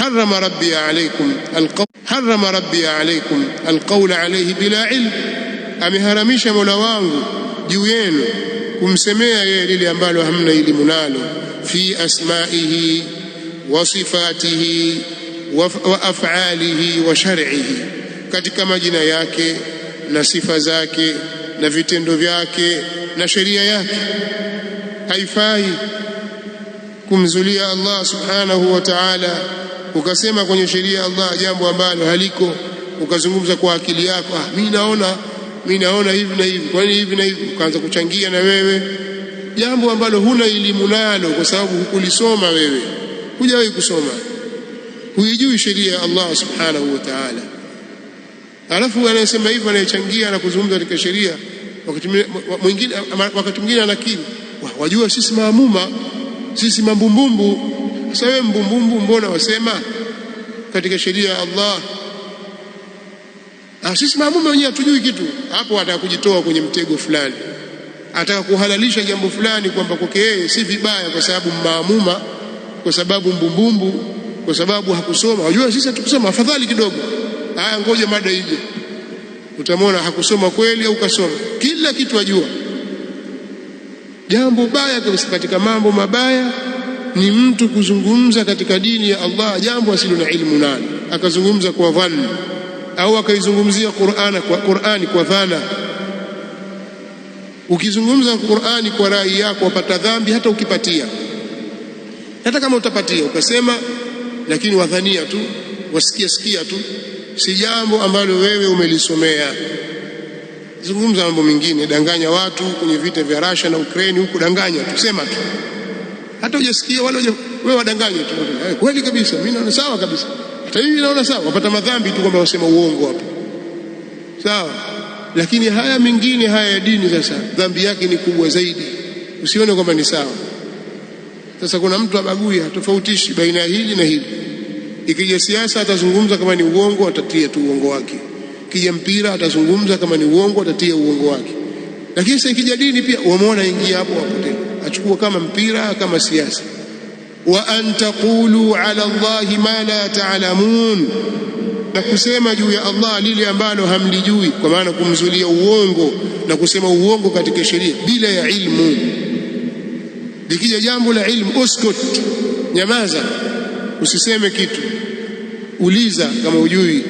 harrama rabbi alaykum alqawl, harrama rabbi alaykum alqawla alayhi bila ilm, ameharamisha mola wangu juu yenu kumsemea yeye lile ambalo hamna elimu nalo. Fi asmaihi wa sifatihi wa afalihi wa shar'ihi, katika majina yake na sifa zake na vitendo vyake na sheria yake haifai kumzulia Allah subhanahu wa ta'ala, ukasema kwenye sheria ya Allah jambo ambalo haliko, ukazungumza kwa akili yako, ah, mimi naona mimi naona hivi na hivi, kwa nini hivi na hivi, ukaanza kuchangia na wewe jambo ambalo huna elimu nalo, kwa sababu hukulisoma wewe, hujawahi kusoma, huijui sheria ya Allah subhanahu wa ta'ala. Alafu anayesema hivyo, anayechangia na kuzungumza katika sheria, wakati mwingine anakiri, wajua sisi maamuma sisi mambumbumbu. Sasa wewe mbumbumbu, mbona wasema katika sheria ya Allah? Na sisi mambumbu wenyewe hatujui kitu hapo. Ataka kujitoa kwenye mtego fulani, ataka kuhalalisha jambo fulani kwamba kwake yeye si vibaya, kwa sababu maamuma, kwa sababu mbumbumbu, kwa sababu hakusoma. Wajua sisi hatukusoma, afadhali kidogo. Haya, ngoja mada ije, utamwona hakusoma kweli au kasoma, kila kitu ajua. Jambo baya katika mambo mabaya ni mtu kuzungumza katika dini ya Allah jambo asilo na ilmu nani, akazungumza kwa dhanni au akaizungumzia Qur'ani kwa, Qur'ani kwa dhana. Ukizungumza Qur'ani kwa rai yako wapata dhambi, hata ukipatia, hata kama utapatia ukasema, lakini wadhania tu, wasikia sikia tu, si jambo ambalo wewe umelisomea zungumza mambo mengine, danganya watu kwenye vita vya Russia na Ukraine huko, danganya tu, sema tu, hata hujasikia wala wewe wadanganye tu, eh, kweli kabisa, mimi naona sawa kabisa, hata mimi naona sawa. Wapata madhambi tu kwamba wasema uongo hapo, sawa. Lakini haya mengine haya ya dini, sasa dhambi yake ni kubwa zaidi, usione kwamba ni sawa. Sasa kuna mtu abagui, hatofautishi baina ya hili na hili. Ikija siasa, atazungumza kama ni uongo, atatia tu uongo wake. Kija mpira atazungumza, kama ni uongo atatia uongo wake, lakini sasa ikija dini pia wameona ingia hapo hapo, achukua kama mpira kama siasa. Wa antaqulu ala Allahi ma la taalamun, na kusema juu ya Allah lile ambalo hamlijui, kwa maana kumzulia uongo na kusema uongo katika sheria bila ya ilmu. Likija jambo la ilmu, uskut, nyamaza, usiseme kitu, uliza kama ujui